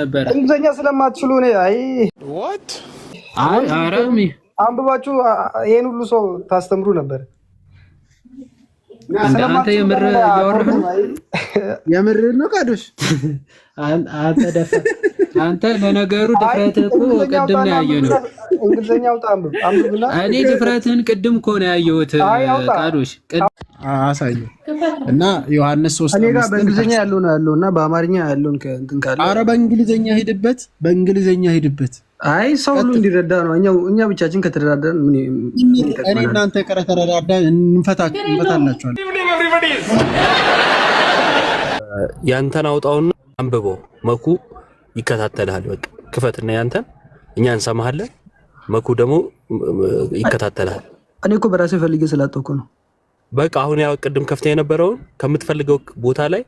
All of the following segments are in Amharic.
ነበረ እንግሊዝኛ ስለማትችሉ ነው። አይ ወት አይ አረሚ አንብባችሁ ይሄን ሁሉ ሰው ታስተምሩ ነበር። አንተ የምር ያወራህ የምር ነው ቃዶሽ። አንተ ደፋ አንተ ለነገሩ ድፍረት እኮ ቅድም ነው ያየነው እንግሊዝኛ አውጣ አንብብና። እኔ ድፍረትህን ቅድም እኮ ነው ያየሁት። ቃዶች አሳየ እና ዮሐንስ ሶስት እኔ ጋር በእንግሊዝኛ ያለው ነው ያለው እና በአማርኛ ያለውን ከእንትን ካለ አረ በእንግሊዝኛ ሄድበት፣ በእንግሊዝኛ ሄድበት። አይ ሰው ሁሉ እንዲረዳ ነው። እኛ እኛ ብቻችን ከተረዳዳን እኔ እናንተ ቀረ ተረዳዳን እንፈታላችኋል። ያንተን አውጣውና አንብበው መኩ ይከታተልሃል። በቃ ክፈትና ያንተን እኛ እንሰማሃለን። መኩ ደግሞ ይከታተላል። እኔ እኮ በራሴ ፈልጌ ስላጠኩ ነው። በቃ አሁን ያው ቅድም ከፍታ የነበረውን ከምትፈልገው ቦታ ላይ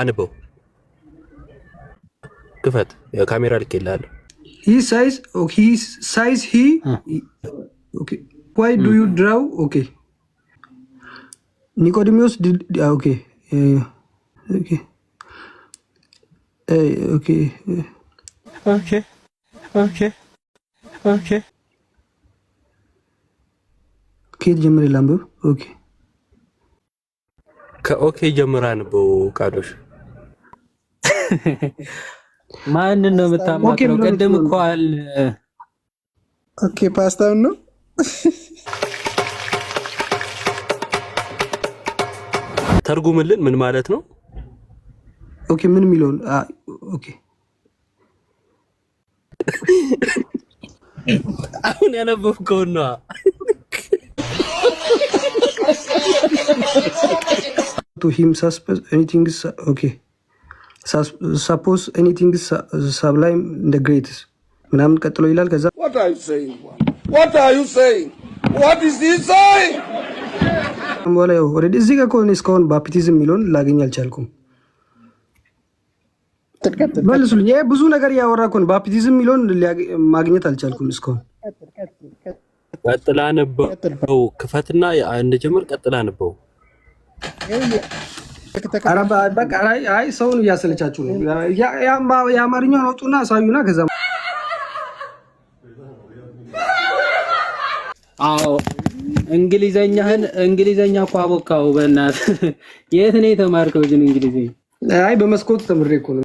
አንበው ክፈት። ካሜራ ልክ ይላል ሳይዝ ሂ ዋይ ዱ ዩ ድራው ኦኬ ኦኬ ኦኬ ኦኬ ኦኬ ከየት ጀምር የላም ኦኬ ከኦኬ ጀምራ ነበው ቃዶሽ ማንን ነው የምታማክረው? ቅድም እኮ አል ኦኬ ፓስታውን ነው ተርጉምልን። ምን ማለት ነው? ኦኬ ምን የሚለውን ኦኬ አሁን ያነበብከውን ነዋ ቱ ሂም ሳፖዝ ኤኒቲንግ ሳብላይም እንደ ግሬትስ ምናምን ቀጥሎ ይላል። ከዛ በኋላ ኦልሬዲ እዚህ ጋር ከሆነ እስካሁን ባፕቲዝም የሚለውን ላገኝ አልቻልኩም። መልሱልኝ። ይሄ ብዙ ነገር እያወራ ከሆነ ባፕቲዝም የሚለውን ማግኘት አልቻልኩም እስካሁን። ቀጥላ ነበው ክፈትና እንጀምር። ቀጥላ ነበው አይ ሰውን እያሰለቻችሁ ነው። የአማርኛውን አውጡና አሳዩና ከዛ አዎ እንግሊዘኛህን እንግሊዘኛ እኮ አቦካው። በእናትህ የት ነው የተማርከው? ግን እንግሊዘኛ አይ በመስኮቱ ተምሬ እኮ ነው።